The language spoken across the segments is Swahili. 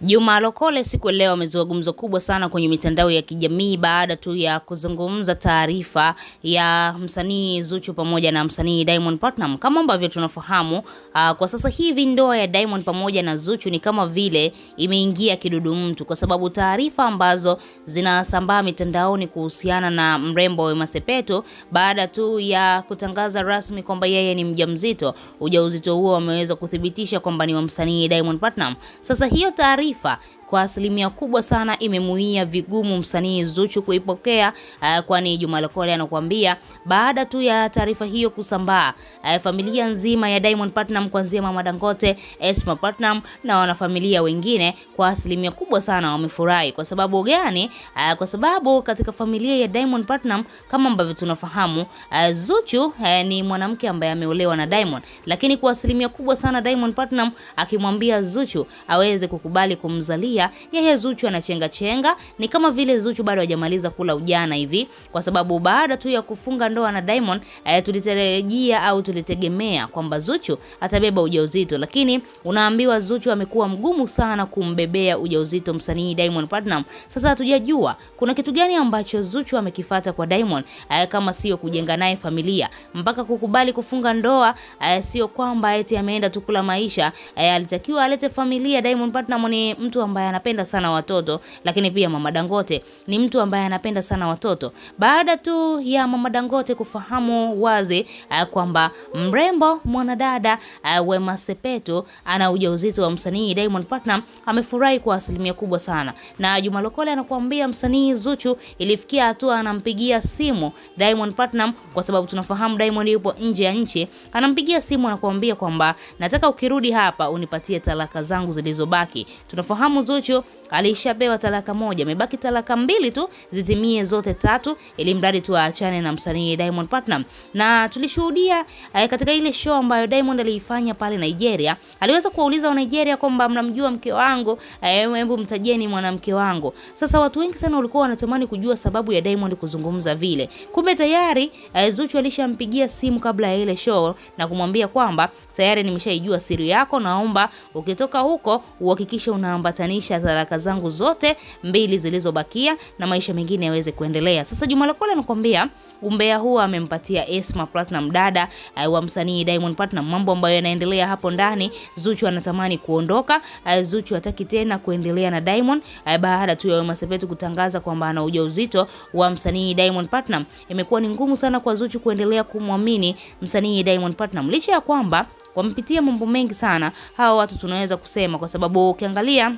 Juma Lokole siku leo amezua gumzo kubwa sana kwenye mitandao ya kijamii baada tu ya kuzungumza taarifa ya msanii Zuchu pamoja na msanii Diamond Platinum. Kama ambavyo tunafahamu, uh, kwa sasa hivi ndoa ya Diamond pamoja na Zuchu ni kama vile imeingia kidudu mtu, kwa sababu taarifa ambazo zinasambaa mitandaoni kuhusiana na mrembo Wema Sepetu baada tu ya kutangaza rasmi kwamba yeye ni mjamzito, ujauzito huo ameweza kuthibitisha kwamba ni wa msanii Diamond Platinum. Sasa hiyo taarifa Rifa kwa asilimia kubwa sana imemuia vigumu msanii Zuchu kuipokea, eh, kwani Juma Lokole anakuambia baada tu ya taarifa hiyo kusambaa, eh, familia nzima ya Diamond Platinum kuanzia Mama Dangote, Esma Platinum na wanafamilia wengine kwa asilimia kubwa sana wamefurahi. Kwa sababu gani? Eh, kwa sababu katika familia ya Diamond Platinum kama ambavyo tunafahamu, Zuchu ni mwanamke ambaye ameolewa na Diamond, lakini kwa asilimia kubwa sana Diamond Platinum akimwambia Zuchu aweze kukubali kumzalia hisia yeye Zuchu anachenga chenga, ni kama vile Zuchu bado hajamaliza kula ujana hivi, kwa sababu baada tu ya kufunga ndoa na Diamond eh, tulitarajia au tulitegemea kwamba Zuchu atabeba ujauzito, lakini unaambiwa Zuchu amekuwa mgumu sana kumbebea ujauzito msanii Diamond Platinum. Sasa hatujajua kuna kitu gani ambacho Zuchu amekifata kwa Diamond eh, kama sio kujenga naye familia mpaka kukubali kufunga ndoa eh, sio kwamba eti ameenda tu kula maisha eh, alitakiwa alete familia. Diamond Platinum ni mtu ambaye ambaye anapenda sana watoto, lakini pia Mama Dangote ni mtu ambaye anapenda sana watoto. Baada tu ya Mama Dangote kufahamu wazi uh, kwamba mrembo mwanadada uh, Wema Sepetu ana ujauzito wa msanii Diamond Platnumz, amefurahi kwa asilimia kubwa sana, na Juma Lokole anakuambia msanii Zuchu ilifikia hatua anampigia simu Diamond Platnumz, kwa sababu tunafahamu Diamond yupo nje ya nchi, anampigia simu anakuambia kwamba nataka ukirudi hapa unipatie talaka zangu zilizobaki. Tunafahamu Zuchu Zuchu alishapewa talaka moja, amebaki talaka mbili tu zitimie zote tatu, ili mradi tu aachane na msanii Diamond Platnumz. Na tulishuhudia eh, katika ile show ambayo Diamond aliifanya pale Nigeria, aliweza kuwauliza wa Nigeria kwamba mnamjua mke wangu, eh, hebu eh, mtajeni mwanamke wangu. Sasa watu wengi sana walikuwa wanatamani kujua sababu ya Diamond kuzungumza vile, kumbe tayari eh, Zuchu alishampigia simu kabla ya ile show na kumwambia kwamba tayari nimeshaijua siri yako, naomba ukitoka huko uhakikishe unaambatanisha kuhakikisha haraka zangu zote mbili zilizobakia na maisha mengine yaweze kuendelea. Sasa Juma Lokole anakuambia umbea huu amempatia Esma Platinum dada eh, wa msanii Diamond Platinum, mambo ambayo yanaendelea hapo ndani. Zuchu anatamani kuondoka, eh, Zuchu hataki tena kuendelea na Diamond eh, baada tu ya Wema Sepetu kutangaza kwamba ana ujauzito wa msanii Diamond Platinum. Imekuwa ni ngumu sana kwa Zuchu kuendelea kumwamini msanii Diamond Platinum licha ya kwamba wamepitia mambo mengi sana hawa watu, tunaweza kusema kwa sababu ukiangalia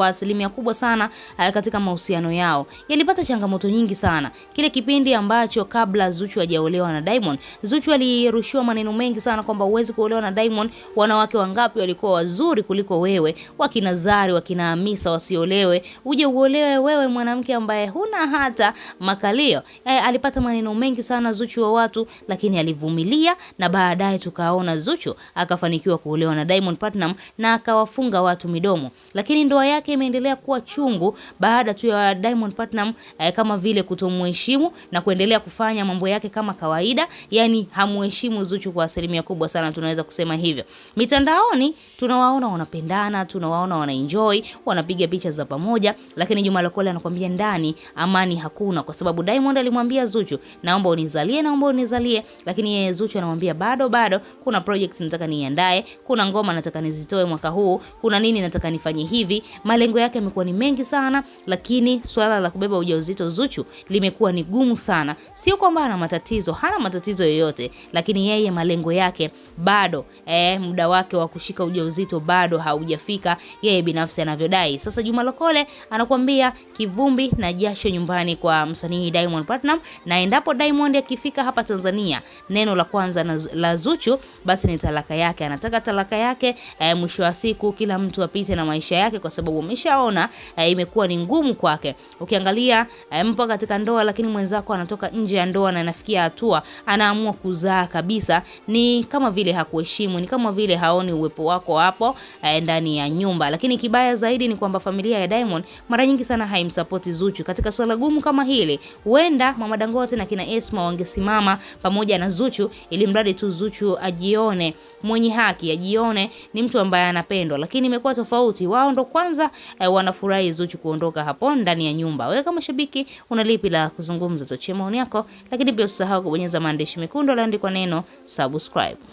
kwa asilimia kubwa sana eh, katika mahusiano yao. Yalipata changamoto nyingi sana kile kipindi ambacho kabla Zuchu hajaolewa na Diamond. Zuchu alirushiwa maneno mengi sana kwamba huwezi kuolewa na Diamond, wanawake wangapi walikuwa wazuri kuliko wewe, wakina Zari, wakina Hamisa, wasiolewe, uje uolewe wewe mwanamke ambaye huna hata makalio. E, alipata maneno mengi sana Zuchu wa watu, lakini alivumilia na baadaye tukaona Zuchu akafanikiwa kuolewa na Diamond Platinum na akawafunga watu midomo, lakini ndoa yake yake imeendelea kuwa chungu baada tu ya Diamond Platnumz eh, kama vile kutomheshimu na kuendelea kufanya mambo yake kama kawaida, yani hamuheshimu Zuchu kwa asilimia kubwa sana, tunaweza kusema hivyo. Mitandaoni tunawaona wanapendana, tunawaona wanaenjoy, wanapiga picha za pamoja, lakini Juma Lokole anakuambia ndani amani hakuna, kwa sababu Diamond alimwambia Zuchu, naomba unizalie, naomba unizalie, lakini yeye Zuchu anamwambia bado bado, kuna project nataka niandae, kuna ngoma nataka nizitoe mwaka huu, kuna nini nataka nifanye hivi Mali Malengo yake yamekuwa ni mengi sana, lakini swala la kubeba ujauzito Zuchu limekuwa ni gumu sana. Sio kwamba ana matatizo, hana matatizo yoyote, lakini yeye malengo yake bado eh, muda wake wa kushika ujauzito bado haujafika yeye binafsi anavyodai. Sasa Juma Lokole anakuambia kivumbi na jasho nyumbani kwa msanii Diamond Platinum, na endapo Diamond akifika hapa Tanzania, neno la kwanza na la Zuchu basi ni talaka yake. Anataka talaka yake eh, mwisho wa siku kila mtu apite na maisha yake kwa sababu umeshaona e, imekuwa ni ngumu kwake. Ukiangalia e, mpo katika ndoa, lakini mwenzako anatoka nje ya ndoa na inafikia hatua anaamua kuzaa kabisa, ni kama vile hakuheshimu, ni kama vile haoni uwepo wako hapo e, ndani ya nyumba. Lakini kibaya zaidi ni kwamba familia ya Diamond mara nyingi sana haimsapoti Zuchu katika swala gumu kama hili. Huenda Mama Dangote na kina Esma wangesimama pamoja na Zuchu, ili mradi tu Zuchu ajione mwenye haki, ajione ni mtu ambaye anapendwa, lakini imekuwa tofauti. Wao ndo kwanza eh, wanafurahi Zuchu kuondoka hapo ndani ya nyumba. Wewe kama shabiki una lipi la kuzungumza? Tochea maoni yako, lakini pia usisahau kubonyeza maandishi mekundu yaliyoandikwa neno subscribe.